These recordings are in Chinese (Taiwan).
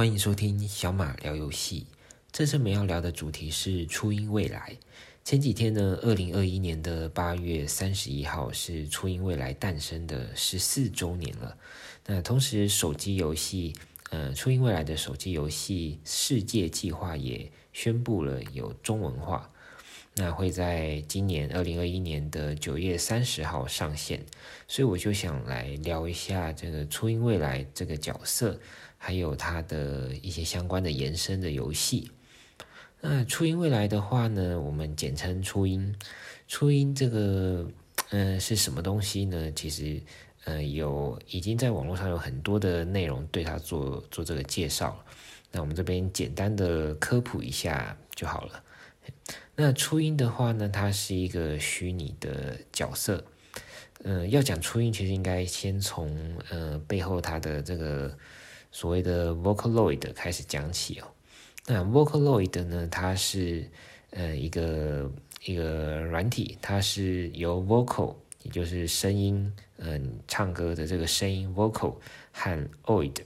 歡迎收聽小馬聊遊戲。這次我們要聊的主題是初音未來。前幾天呢，二零二一年的八月三十一號是初音未來誕生的十四周年了。那同時，手機遊戲，呃，初音未來的手機遊戲世界計劃也宣布了有中文化，那會在今年二零二一年的九月三十號上線。所以我就想來聊一下這個初音未來這個角色。還有它的一些相關的延伸的遊戲。那初音未來的話呢，我們簡稱初音。初音這個，嗯、呃，是什麼東西呢？其實，嗯、呃，有已經在網絡上有很多的內容對它做做這個介紹。那我們這邊簡單的科普一下就好了。那初音的話呢，它是一個虛擬的角色。嗯、呃，要講初音，其實應該先從呃背後它的這個。所謂的 Vocaloid 開始講起哦，那 Vocaloid 呢？它是呃一個一個軟體，它是由 Vocal 也就是聲音，嗯、呃，唱歌的這個聲音 Vocal 和 Oid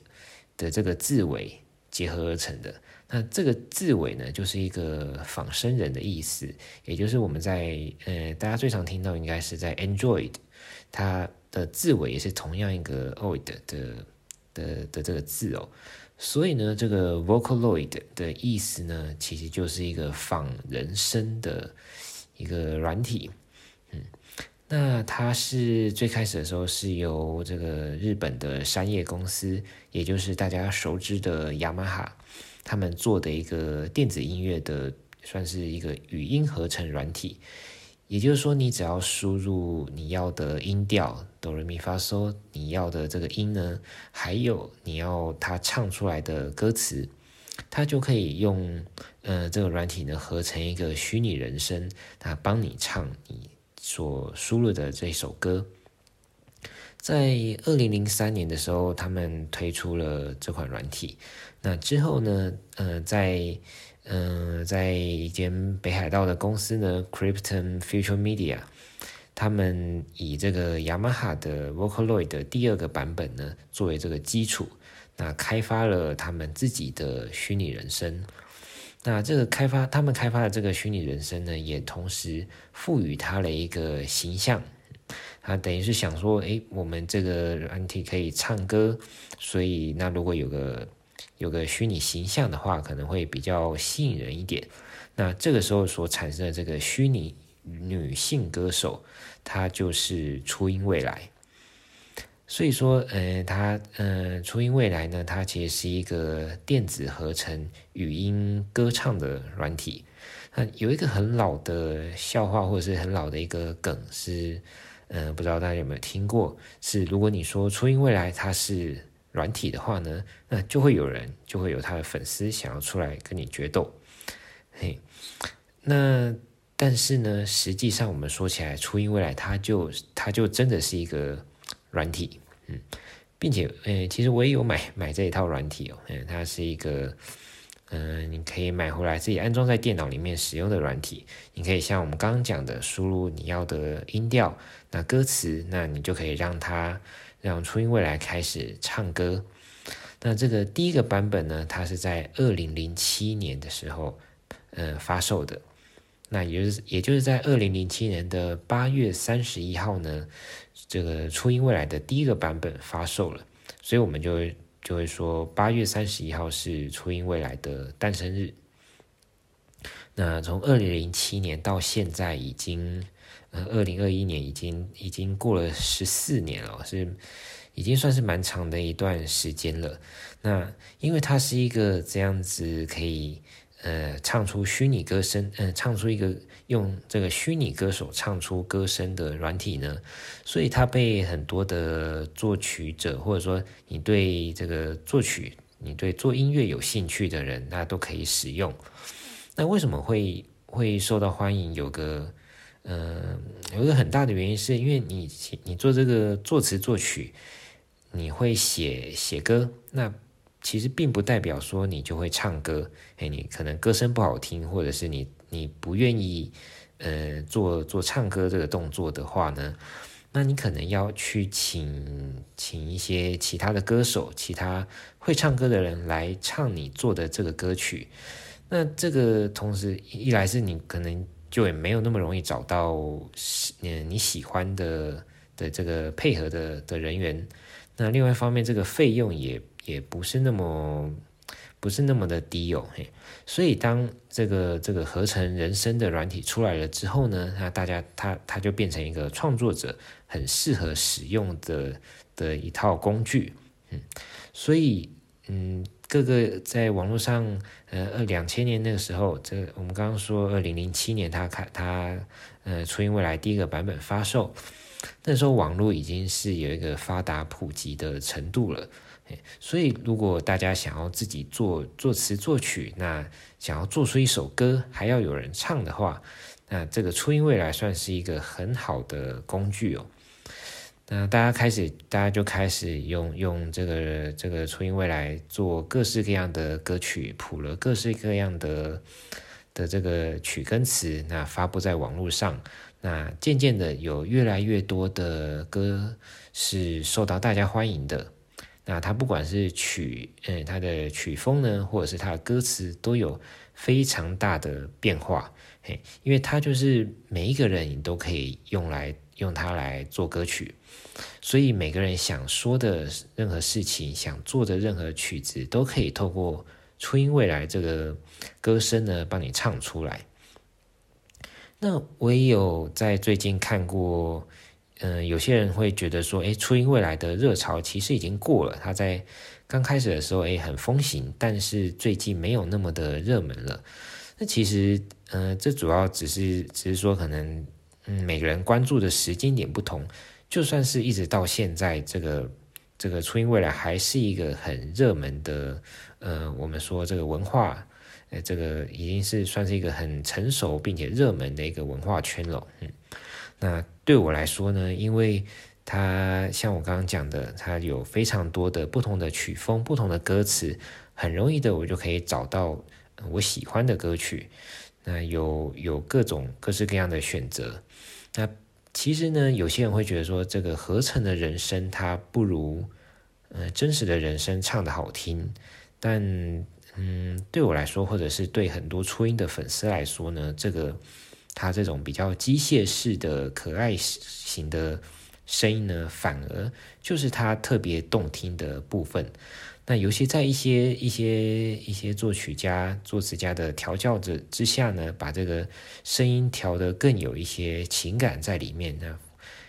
的這個字尾結合而成的。那這個字尾呢，就是一個仿生人的意思，也就是我們在呃大家最常聽到應該是在 Android，它的字尾也是同樣一個 Oid 的。的的這個字哦，所以呢，這個 Vocaloid 的意思呢，其實就是一個仿人聲的一個軟體，嗯，那它是最開始的時候是由這個日本的商業公司，也就是大家熟知的雅馬哈，他們做的一個電子音樂的，算是一個語音合成軟體。也就是說，你只要輸入你要的音調，哆來咪發嗦，你要的這個音呢，還有你要它唱出來的歌詞，它就可以用，呃，這個軟體呢合成一個虛擬人聲，它幫你唱你所輸入的這首歌。在二零零三年的時候，他們推出了這款軟體。那之後呢，呃，在嗯、呃，在一間北海道的公司呢 c r y p t o、um、n Future Media，他們以這個雅馬哈的 Vocaloid 的第二個版本呢作為這個基礎，那開發了他們自己的虛擬人生，那這個開發，他們開發的這個虛擬人生呢，也同時賦予它了一個形象。啊，等於是想說，誒、欸，我們這個軟 n t 可以唱歌，所以那如果有個有個虛擬形象的話，可能會比較吸引人一點。那這個時候所產生的這個虛擬女性歌手，她就是初音未來。所以說，嗯、呃，她，呃，初音未來呢，它其實是一個電子合成語音歌唱的軟體。那有一個很老的笑話，或者是很老的一個梗是，嗯、呃，不知道大家有沒有聽過？是如果你說初音未來，它是軟體的話呢，那就會有人，就會有他的粉絲想要出來跟你決鬥，嘿，那但是呢，實際上我們說起來，初音未來，它就它就真的是一個軟體，嗯，並且，呃、欸，其實我也有買買這一套軟體哦，嗯、欸，它是一個，嗯、呃，你可以買回來自己安裝在電腦裡面使用的軟體，你可以像我們剛剛講的，輸入你要的音調，那歌詞，那你就可以讓它。讓初音未來開始唱歌。那這個第一個版本呢，它是在二零零七年的時候，呃，發售的。那也就是，也就是在二零零七年的八月三十一號呢，這個初音未來的第一個版本發售了。所以我們就就會說，八月三十一號是初音未來的誕生日。那從二零零七年到現在已經。呃，二零二一年已經已經過了十四年了，是已經算是蠻長的一段時間了。那因為它是一個這樣子可以呃唱出虛擬歌聲，嗯、呃，唱出一個用這個虛擬歌手唱出歌聲的軟體呢，所以它被很多的作曲者或者說你對這個作曲、你對做音樂有興趣的人，他都可以使用。那為什麼會會受到歡迎？有個嗯，有一個很大的原因，是因為你你做這個作詞作曲，你會寫寫歌，那其實並不代表說你就會唱歌。哎，你可能歌聲不好聽，或者是你你不願意，呃，做做唱歌這個動作的話呢，那你可能要去請請一些其他的歌手，其他會唱歌的人來唱你做的這個歌曲。那這個同時一來是你可能。就也沒有那麼容易找到，嗯，你喜歡的的這個配合的的人員，那另外一方面，這個費用也也不是那麼不是那麼的低哦。嘿，所以當這個這個合成人聲的軟體出來了之後呢，那大家它它就變成一個創作者很適合使用的的一套工具。嗯，所以嗯。這個在網絡上，呃，二兩千年那個時候，這個、我們剛剛說二零零七年，他看他呃初音未來第一個版本發售，那時候網絡已經是有一個發達普及的程度了。所以如果大家想要自己做作詞作曲，那想要做出一首歌還要有人唱的話，那這個初音未來算是一個很好的工具哦。那大家開始，大家就開始用用這個這個初音未來做各式各樣的歌曲譜了，各式各樣的的這個曲跟詞，那發布在網絡上。那漸漸的，有越來越多的歌是受到大家歡迎的。那它不管是曲，嗯，它的曲風呢，或者是它的歌詞，都有非常大的變化。嘿，因為它就是每一個人你都可以用來。用它來做歌曲，所以每個人想說的任何事情，想做的任何曲子，都可以透過初音未來這個歌聲呢幫你唱出來。那我也有在最近看過，嗯、呃，有些人會覺得說，誒，初音未來的熱潮其實已經過了。它在剛開始的時候，誒很風行，但是最近沒有那麼的熱門了。那其實，嗯、呃，這主要只是只是說可能。嗯，每個人關注的時間點不同，就算是一直到現在，這個這個初音未來還是一個很熱門的，呃，我們說這個文化，呃，這個已經是算是一個很成熟並且熱門的一個文化圈了。嗯，那對我來說呢，因為它像我剛剛講的，它有非常多的不同的曲風、不同的歌詞，很容易的我就可以找到我喜歡的歌曲。那有有各種各式各樣的選擇，那其實呢，有些人會覺得說，這個合成的人聲它不如，呃，真實的人聲唱得好聽。但嗯，對我來說，或者是對很多初音的粉絲來說呢，這個他這種比較機械式的可愛型的聲音呢，反而就是他特別動聽的部分。那尤其在一些一些一些作曲家、作詞家的調教之之下呢，把這個聲音調得更有一些情感在裡面呢，那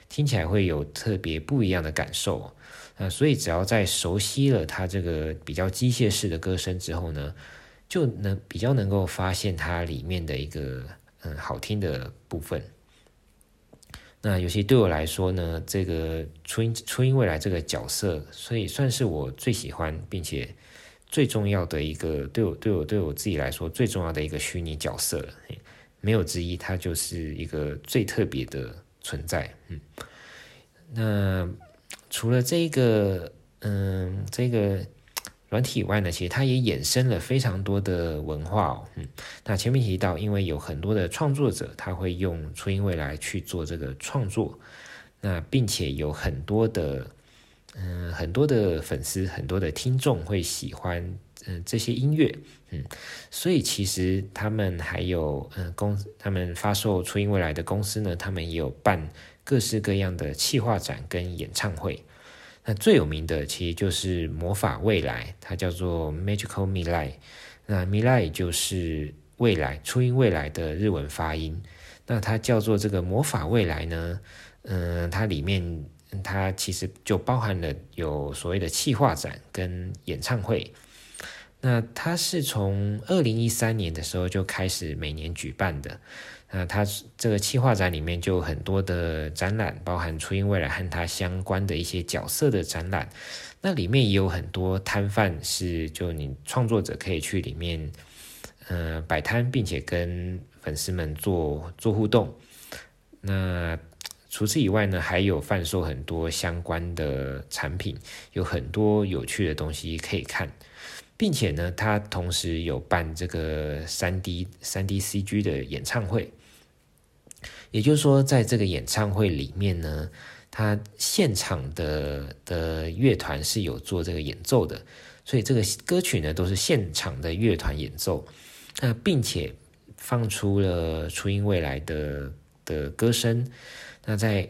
聽起來會有特別不一樣的感受。那、呃、所以只要在熟悉了他這個比較機械式的歌聲之後呢，就能比較能夠發現它裡面的一個嗯，好聽的部分。那尤其對我來說呢，這個初音初音未來這個角色，所以算是我最喜歡並且最重要的一個對我對我對我自己來說最重要的一個虛擬角色了，沒有之一，它就是一個最特別的存在。嗯，那除了這個，嗯、呃，這個。團體以外呢，其實它也衍生了非常多的文化哦。嗯，那前面提到，因為有很多的創作者，他會用初音未來去做這個創作，那並且有很多的，嗯、呃，很多的粉絲，很多的聽眾會喜歡嗯、呃、這些音樂，嗯，所以其實他們還有嗯、呃、公，他們發售初音未來的公司呢，他們也有辦各式各樣的企劃展跟演唱會。那最有名的其實就是魔法未來，它叫做 Magical Mirai。那 Mirai 就是未來初音未來的日文發音。那它叫做這個魔法未來呢？嗯、呃，它裡面它其實就包含了有所謂的企劃展跟演唱會。那它是從二零一三年的時候就開始每年舉辦的。那它這個企劃展裡面就有很多的展覽，包含初音未來和它相關的一些角色的展覽。那裡面也有很多攤販是就你創作者可以去裡面，嗯、呃，擺攤，並且跟粉絲們做做互動。那除此以外呢，還有販售很多相關的產品，有很多有趣的東西可以看，並且呢，它同時有辦這個三 D 三 D CG 的演唱會。也就是說，在這個演唱會裡面呢，他現場的的樂團是有做這個演奏的，所以這個歌曲呢都是現場的樂團演奏。那並且放出了初音未來的的歌聲。那在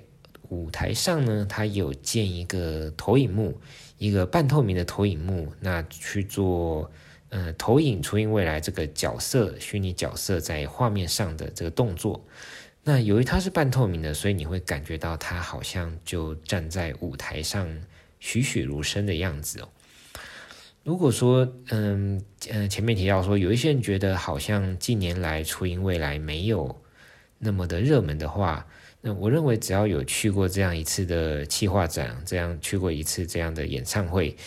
舞台上呢，他有建一個投影幕，一個半透明的投影幕，那去做呃、嗯、投影初音未來這個角色，虛擬角色在畫面上的這個動作。那由於它是半透明的，所以你會感覺到它好像就站在舞台上，栩栩如生的樣子哦。如果說，嗯，前面提到說，有一些人覺得好像近年來初音未來沒有那麼的熱門的話，那我認為只要有去過這樣一次的企劃展，這樣去過一次這樣的演唱會，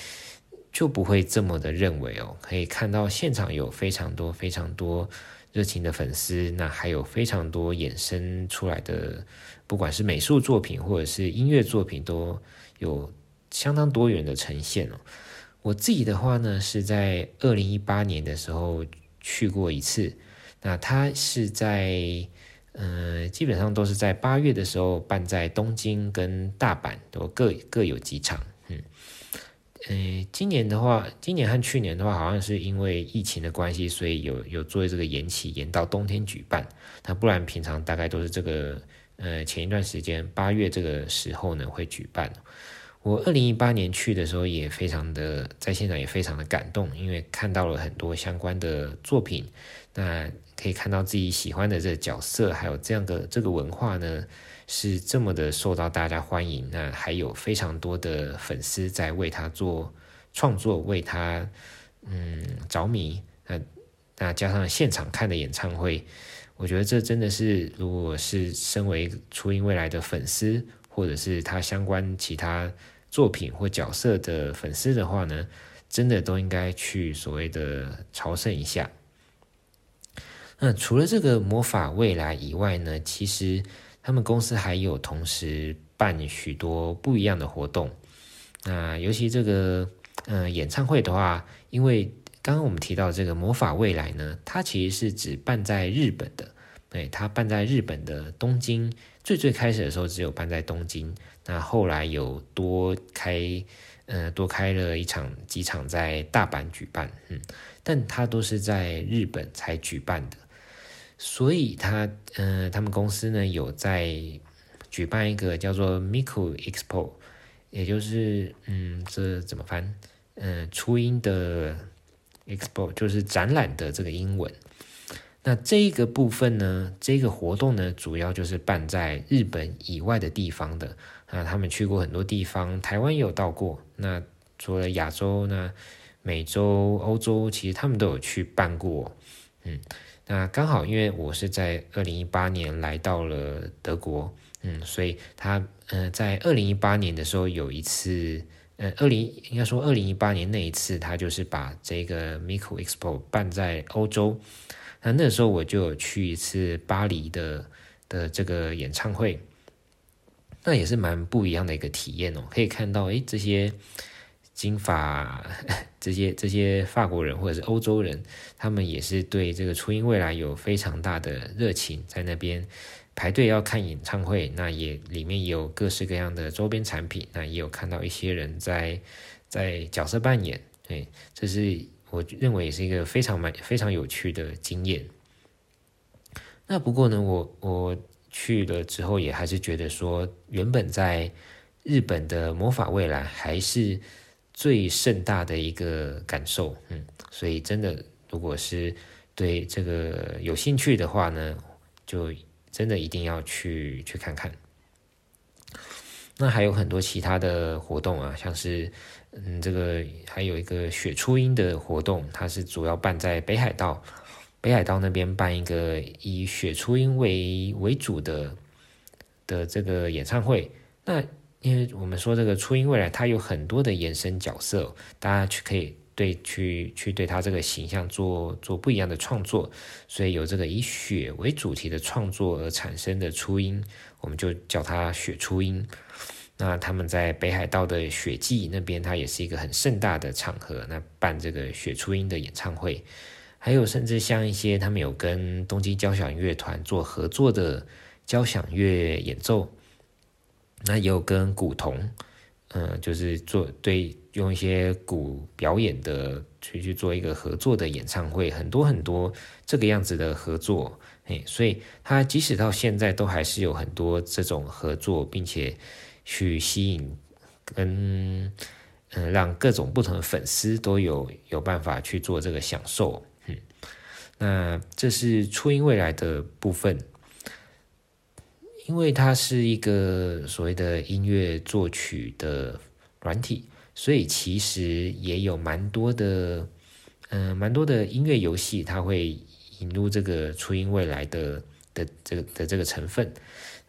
就不會這麼的認為哦。可以看到現場有非常多非常多。熱情的粉絲，那還有非常多衍生出來的，不管是美術作品或者是音樂作品，都有相當多元的呈現哦。我自己的話呢，是在二零一八年的時候去過一次，那他是在呃，基本上都是在八月的時候辦在東京跟大阪，都各各有幾場。呃，今年的話，今年和去年的話，好像是因為疫情的關係，所以有有做這個延期，延到冬天舉辦。那不然平常大概都是這個，呃，前一段時間八月這個時候呢會舉辦。我二零一八年去的時候也非常的在現場，也非常的感動，因為看到了很多相關的作品，那可以看到自己喜歡的這個角色，還有這樣的這個文化呢，是這麼的受到大家歡迎，那還有非常多的粉絲在為他做創作，為他嗯着迷，那那加上現場看的演唱會，我覺得這真的是，如果是身為初音未來的粉絲，或者是他相關其他作品或角色的粉絲的話呢，真的都應該去所謂的朝聖一下。那除了這個魔法未來以外呢，其實。他們公司還有同時辦許多不一樣的活動，那尤其這個呃演唱會的話，因為剛剛我們提到這個魔法未來呢，它其實是只辦在日本的，對，它辦在日本的東京。最最開始的時候只有辦在東京，那後來有多開，嗯、呃、多開了一場幾場在大阪舉辦，嗯，但它都是在日本才舉辦的。所以他，嗯、呃，他們公司呢有在舉辦一個叫做 Miku Expo，也就是，嗯，這怎麼翻？嗯，初音的 Expo 就是展覽的這個英文。那這個部分呢，這個活動呢，主要就是辦在日本以外的地方的。啊，他們去過很多地方，台灣也有到過。那除了亞洲呢，那美洲、歐洲，其實他們都有去辦過。嗯。那剛好，因為我是在二零一八年來到了德國，嗯，所以他，嗯、呃，在二零一八年的時候有一次，嗯、呃，二零應該說二零一八年那一次，他就是把這個 Miku Expo 辦在歐洲，那那個、時候我就有去一次巴黎的的這個演唱會，那也是蠻不一樣的一個體驗哦，可以看到，哎、欸，這些。金髮這些這些法國人或者是歐洲人，他們也是對這個初音未來有非常大的熱情，在那邊排隊要看演唱會。那也裡面也有各式各樣的周邊產品，那也有看到一些人在在角色扮演。對，這是我認為也是一個非常蠻非常有趣的經驗。那不過呢，我我去了之後也還是覺得說，原本在日本的魔法未來還是。最盛大的一個感受，嗯，所以真的，如果是對這個有興趣的話呢，就真的一定要去去看看。那還有很多其他的活動啊，像是，嗯，這個還有一個雪初音的活動，它是主要辦在北海道，北海道那邊辦一個以雪初音為為主的的這個演唱會，那。因為我們說這個初音未來，它有很多的衍生角色，哦，大家去可以對去去對它這個形象做做不一樣的創作，所以有這個以雪為主題的創作而產生的初音，我們就叫它雪初音，那他們在北海道的雪祭那邊，它也是一個很盛大的場合，那辦這個雪初音的演唱會，還有甚至像一些他們有跟東京交響樂團做合作的交響樂演奏。那也有跟鼓童，嗯，就是做，對，用一些鼓表演的去去做一個合作的演唱會，很多很多這個樣子的合作，哎，所以他即使到現在都還是有很多這種合作，並且去吸引跟嗯讓各種不同的粉絲都有有辦法去做這個享受，嗯，那這是初音未來的部分。因為它是一個所謂的音樂作曲的軟體，所以其實也有蠻多的，嗯、呃，蠻多的音樂遊戲，它會引入這個初音未來的的這個的、的這個成分。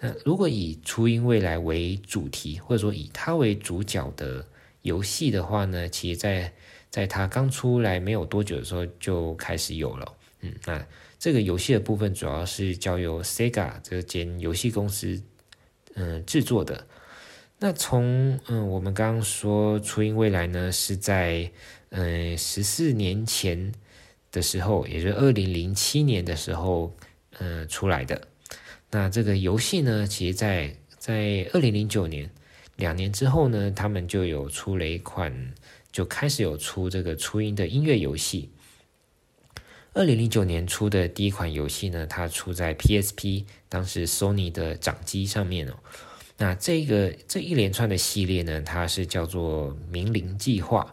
那如果以初音未來為主題，或者說以它為主角的遊戲的話呢，其實在，在在它剛出來沒有多久的時候就開始有了，嗯，那。這個遊戲的部分主要是交由 SEGA 這間遊戲公司，嗯，製作的。那從嗯，我們剛剛說初音未來呢，是在嗯，十四年前的時候，也就是二零零七年的時候，嗯，出來的。那這個遊戲呢，其實在在二零零九年兩年之後呢，他們就有出了一款，就開始有出這個初音的音樂遊戲。二零零九年出的第一款遊戲呢，它出在 PSP，當時 Sony 的掌機上面哦。那這個這一連串的系列呢，它是叫做“名伶計劃”，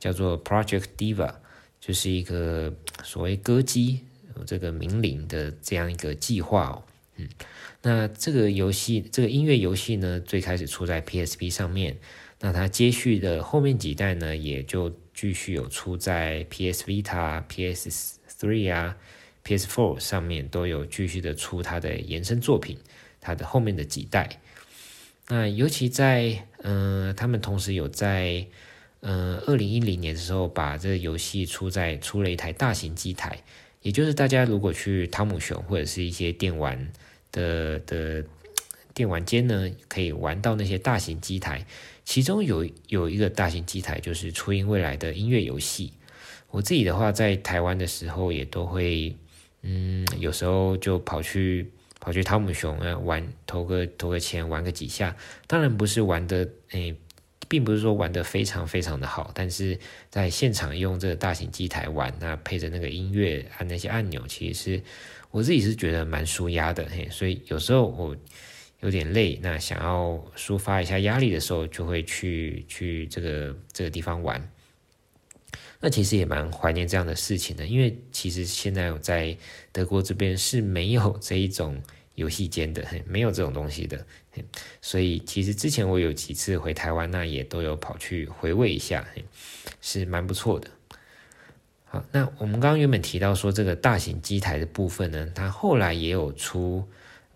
叫做 Project Diva，就是一個所謂歌姬這個名伶的這樣一個計劃哦。嗯，那這個遊戲這個音樂遊戲呢，最開始出在 PSP 上面，那它接續的後面幾代呢，也就繼續有出在 PS Vita、PS 4。Three 啊，PS Four 上面都有繼續的出它的延伸作品，它的後面的幾代。那尤其在嗯、呃，他們同時有在嗯，二零一零年的時候把這個遊戲出在出了一台大型機台，也就是大家如果去湯姆熊或者是一些電玩的的電玩間呢，可以玩到那些大型機台。其中有有一個大型機台就是初音未來的音樂遊戲。我自己的話，在台灣的時候也都會，嗯，有時候就跑去跑去湯姆熊啊玩，投個投個錢玩個幾下。當然不是玩的，誒，並不是說玩的非常非常的好，但是在現場用這個大型機台玩，那配着那個音樂按那些按鈕，其實是我自己是覺得蠻舒壓的，嘿。所以有時候我有點累，那想要抒發一下壓力的時候，就會去去這個這個地方玩。那其實也蠻懷念這樣的事情的，因為其實現在我在德國這邊是沒有這一種遊戲間的，沒有這種東西的，所以其實之前我有幾次回台灣，那也都有跑去回味一下，是蠻不錯的。好，那我們剛剛原本提到說這個大型機台的部分呢，它後來也有出，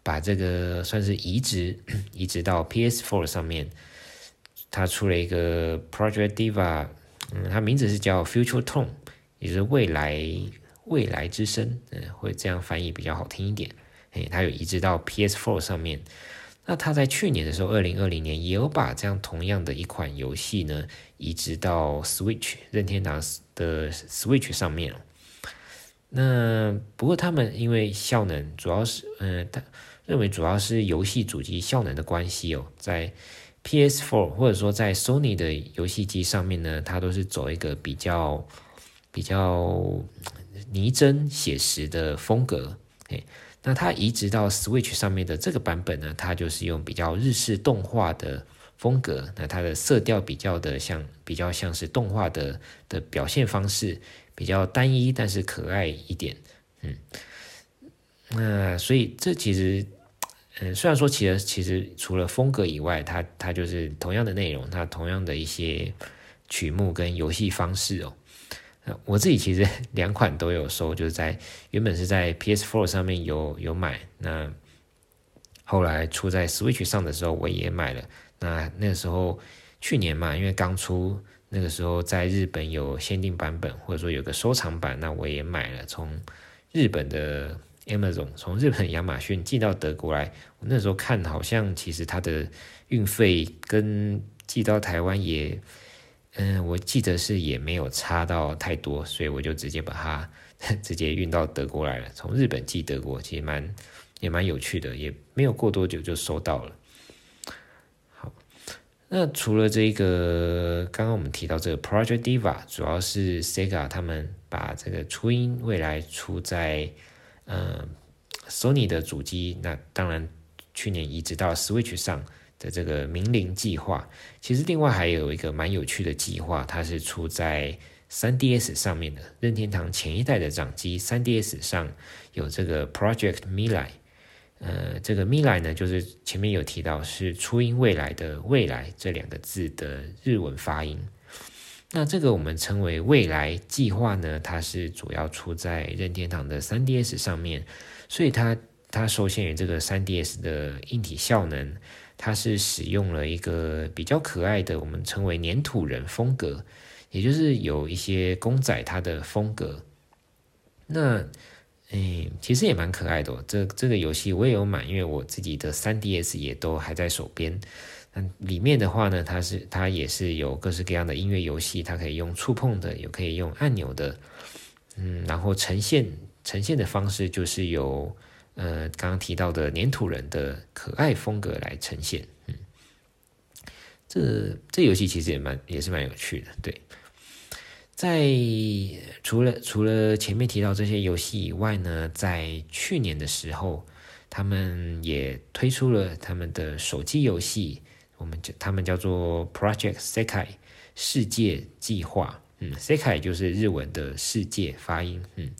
把這個算是移植，移植到 PS4 上面，它出了一個 Project Diva。嗯，它名字是叫《Future Tone》，也是未來未來之聲，嗯，會這樣翻譯比較好聽一點。嘿，它有移植到 PS4 上面。那它在去年的時候，二零二零年也有把這樣同樣的一款遊戲呢移植到 Switch 任天堂的 Switch 上面。那不過他們因為效能，主要是嗯、呃，他認為主要是遊戲主機效能的關係哦，在。PS4 或者說在 Sony 的遊戲機上面呢，它都是走一個比較比較擬真寫實的風格。Okay, 那它移植到 Switch 上面的這個版本呢，它就是用比較日式動畫的風格。那它的色調比較的像，比較像是動畫的的表現方式，比較單一，但是可愛一點。嗯，那所以這其實。嗯，雖然說其實其實除了風格以外，它它就是同樣的內容，它同樣的一些曲目跟遊戲方式哦。我自己其實兩款都有收，就是在原本是在 PS4 上面有有買，那後來出在 Switch 上的時候我也買了。那那個時候去年嘛，因為剛出那個時候在日本有限定版本或者說有個收藏版，那我也買了，從日本的。Amazon 從日本亞馬遜寄到德國來，我那時候看好像其實它的運費跟寄到台灣也，嗯，我記得是也沒有差到太多，所以我就直接把它直接運到德國來了。從日本寄德國其實蠻也蠻有趣的，也沒有過多久就收到了。好，那除了這個，剛剛我們提到這個 Project Diva，主要是 Sega 他們把這個初音未來出在，嗯，索尼的主機，那當然去年移植到 Switch 上的這個“名伶”計劃，其實另外還有一個蠻有趣的計劃，它是出在 3DS 上面的。任天堂前一代的掌機 3DS 上有這個 Project Mirai，呃、嗯，這個 Mirai 呢，就是前面有提到是初音未來的未來這兩個字的日文發音。那這個我們稱為未來計劃呢，它是主要出在任天堂的三 DS 上面，所以它它受限於這個三 DS 的硬體效能，它是使用了一個比較可愛的我們稱為粘土人風格，也就是有一些公仔它的風格。那，嗯，其實也蠻可愛的哦。這這個遊戲我也有買，因為我自己的三 DS 也都還在手邊。嗯，裡面的話呢，它是它也是有各式各樣的音樂遊戲，它可以用觸碰的，也可以用按鈕的。嗯，然後呈現呈現的方式就是由呃剛剛提到的黏土人的可愛風格來呈現。嗯，這這遊戲其實也蠻也是蠻有趣的。對，在除了除了前面提到這些遊戲以外呢，在去年的時候，他們也推出了他們的手機遊戲。我們叫他們叫做 Project Sekai 世界計劃，嗯，Sekai 就是日文的世界發音，嗯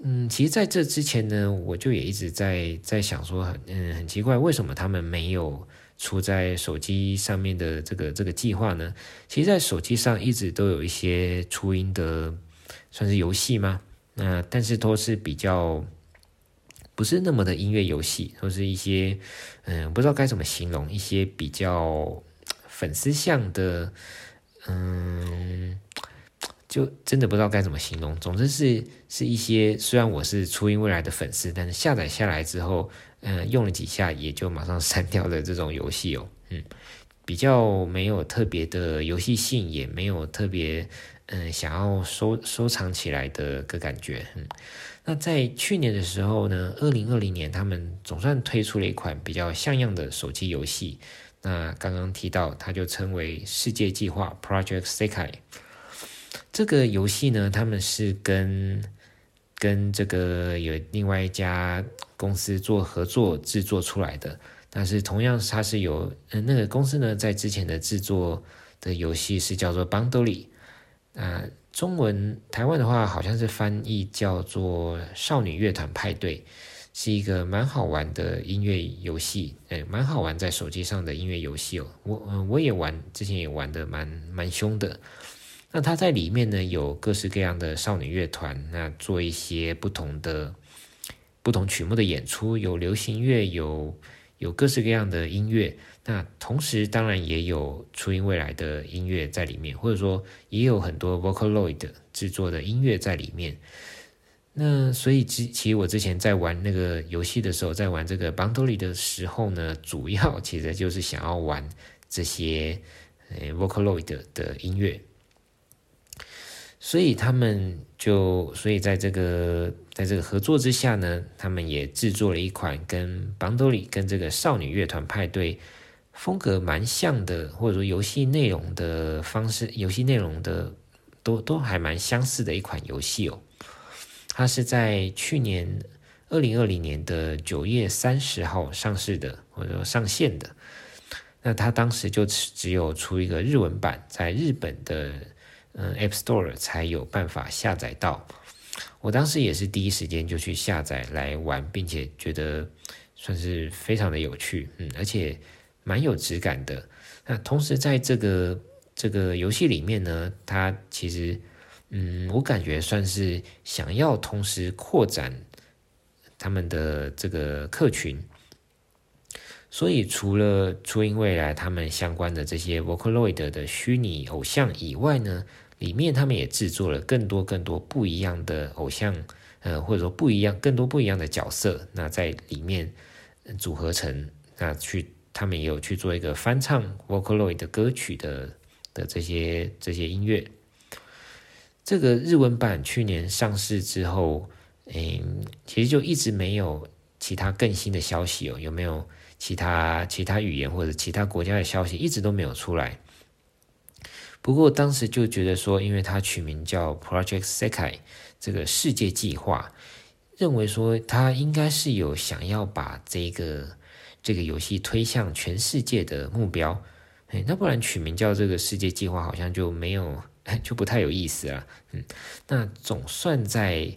嗯，其實在這之前呢，我就也一直在在想說很，嗯，很奇怪，為什麼他們沒有出在手機上面的這個這個計劃呢？其實，在手機上一直都有一些初音的，算是遊戲嗎？那、呃、但是都是比較。不是那麼的音樂遊戲，或是一些，嗯，不知道該怎麼形容，一些比較粉絲向的，嗯，就真的不知道該怎麼形容。總之是是一些，雖然我是初音未來的粉絲，但是下載下來之後，嗯，用了幾下也就馬上刪掉了這種遊戲哦，嗯，比較沒有特別的遊戲性，也沒有特別，嗯，想要收收藏起來的個感覺，嗯。那在去年的時候呢，二零二零年，他們總算推出了一款比較像樣的手機遊戲。那剛剛提到，它就稱為《世界計劃》（Project Sekai）。這個遊戲呢，他們是跟跟這個有另外一家公司做合作製作出來的。但是同樣他是由，它是由那個公司呢，在之前的製作的遊戲是叫做 ly,、呃《邦多利》。那中文台灣的話，好像是翻譯叫做《少女樂團派對》，是一個蠻好玩的音樂遊戲，誒、欸，蠻好玩在手機上的音樂遊戲哦。我嗯我也玩，之前也玩的蠻蠻凶的。那它在裡面呢，有各式各樣的少女樂團，那做一些不同的不同曲目的演出，有流行樂，有有各式各樣的音樂。那同時，當然也有初音未來的音樂在裡面，或者說也有很多 Vocaloid 製作的音樂在裡面。那所以其其實我之前在玩那個遊戲的時候，在玩這個 BanDori 的時候呢，主要其實就是想要玩這些呃 Vocaloid 的音樂。所以他們就所以在這個在這個合作之下呢，他們也製作了一款跟 BanDori 跟這個少女樂團派對。風格蠻像的，或者說遊戲內容的方式，遊戲內容的都都還蠻相似的一款遊戲哦。它是在去年二零二零年的九月三十號上市的，或者說上線的。那它當時就只有出一個日文版，在日本的嗯 App Store 才有辦法下載到。我當時也是第一時間就去下載來玩，並且覺得算是非常的有趣，嗯，而且。蠻有質感的。那同時，在這個這個遊戲裡面呢，它其實，嗯，我感覺算是想要同時擴展他們的這個客群。所以除了，除了初音未來他們相關的這些 Vocaloid 的虛擬偶像以外呢，裡面他們也制作了更多更多不一樣的偶像，呃，或者說不一樣更多不一樣的角色。那在裡面組合成，那去。他們也有去做一個翻唱 （Vocaloid） 的歌曲的的這些這些音樂。這個日文版去年上市之後，嗯、欸，其實就一直沒有其他更新的消息哦。有沒有其他其他語言或者其他國家的消息？一直都沒有出來。不過當時就覺得說，因為它取名叫 “Project Sekai” 這個世界計劃，認為說他應該是有想要把這個。這個遊戲推向全世界的目標，那不然取名叫“這個世界計劃”好像就沒有，就不太有意思了。嗯，那總算在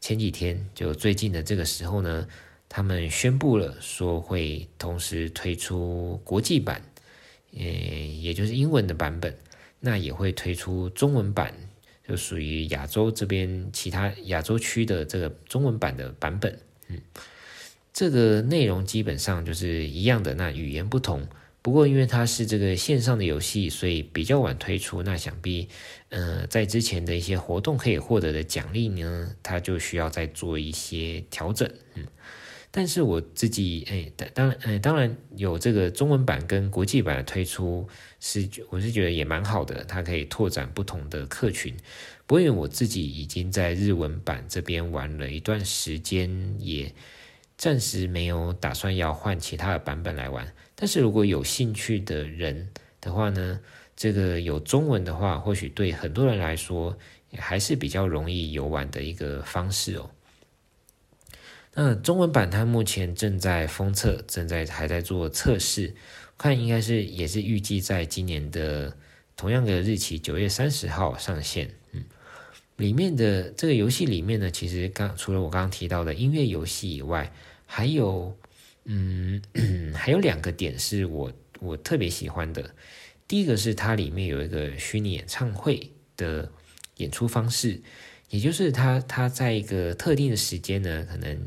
前幾天，就最近的這個時候呢，他們宣布了說會同時推出國際版，嗯，也就是英文的版本，那也會推出中文版，就屬於亞洲這邊其他亞洲區的這個中文版的版本，嗯。這個內容基本上就是一樣的，那語言不同。不過因為它是這個線上的遊戲，所以比較晚推出。那想必，呃，在之前的一些活動可以獲得的獎勵呢，它就需要再做一些調整。嗯，但是我自己，哎，當當然，誒、哎、當然有這個中文版跟國際版的推出是，我是覺得也蠻好的，它可以拓展不同的客群。不過因為我自己已經在日文版這邊玩了一段時間，也。暫時沒有打算要換其他的版本來玩，但是如果有興趣的人的話呢，這個有中文的話，或許對很多人來說，還是比較容易遊玩的一個方式哦。那中文版它目前正在封測，正在還在做測試，看應該是也是預計在今年的同樣的日期，九月三十號上線。裡面的這個遊戲裡面呢，其實剛除了我剛剛提到的音樂遊戲以外，還有，嗯，還有兩個點是我我特別喜歡的。第一個是它裡面有一個虛擬演唱會的演出方式，也就是它它在一個特定的時間呢，可能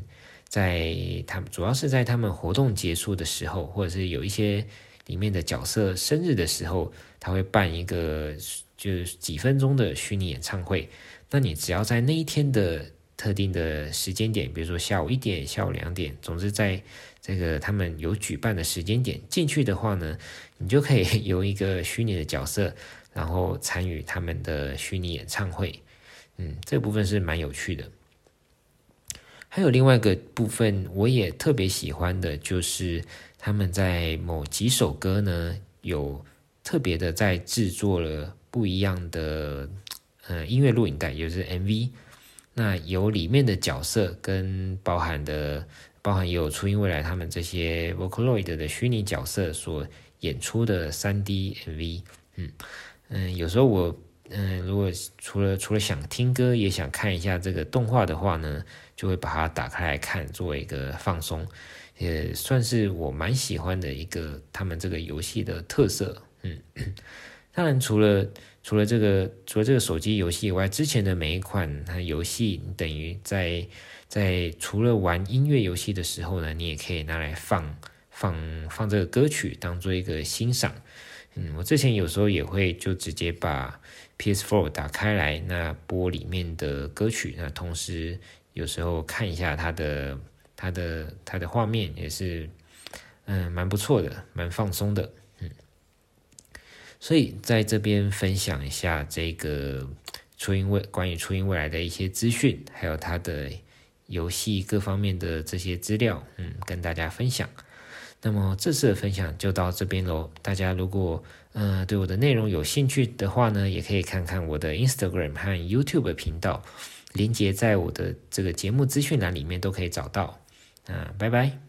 在他主要是在他們活動結束的時候，或者是有一些裡面的角色生日的時候，他會辦一個就是幾分鐘的虛擬演唱會。那你只要在那一天的特定的時間點，比如說下午一點、下午兩點，總之在這個他們有舉辦的時間點進去的話呢，你就可以由一個虛擬的角色，然後參與他們的虛擬演唱會。嗯，這部分是蠻有趣的。還有另外一個部分，我也特別喜歡的就是他們在某幾首歌呢，有特別的在製作了不一樣的。嗯，音樂錄影帶，也就是 MV，那有裡面的角色跟包含的，包含有初音未來他們這些 Vocaloid 的虛擬角色所演出的三 D MV。嗯嗯，有時候我嗯，如果除了除了想聽歌，也想看一下這個動畫的話呢，就會把它打開來看，作為一個放鬆，也算是我蠻喜歡的一個他們這個遊戲的特色。嗯，當然除了。除了這個，除了這個手機遊戲以外，之前的每一款它遊戲，你等於在在除了玩音樂遊戲的時候呢，你也可以拿來放放放這個歌曲，當做一個欣賞。嗯，我之前有時候也會就直接把 PS4 打開來，那播裡面的歌曲，那同時有時候看一下它的它的它的畫面，也是嗯蠻不錯的，蠻放鬆的。所以在這邊分享一下這個初音未關於初音未來的一些資訊，還有它的遊戲各方面的這些資料，嗯，跟大家分享。那麼這次的分享就到這邊嘍。大家如果嗯、呃、對我的內容有興趣的話呢，也可以看看我的 Instagram 和 YouTube 頻道，連結在我的這個節目資訊欄裡面都可以找到。那拜拜。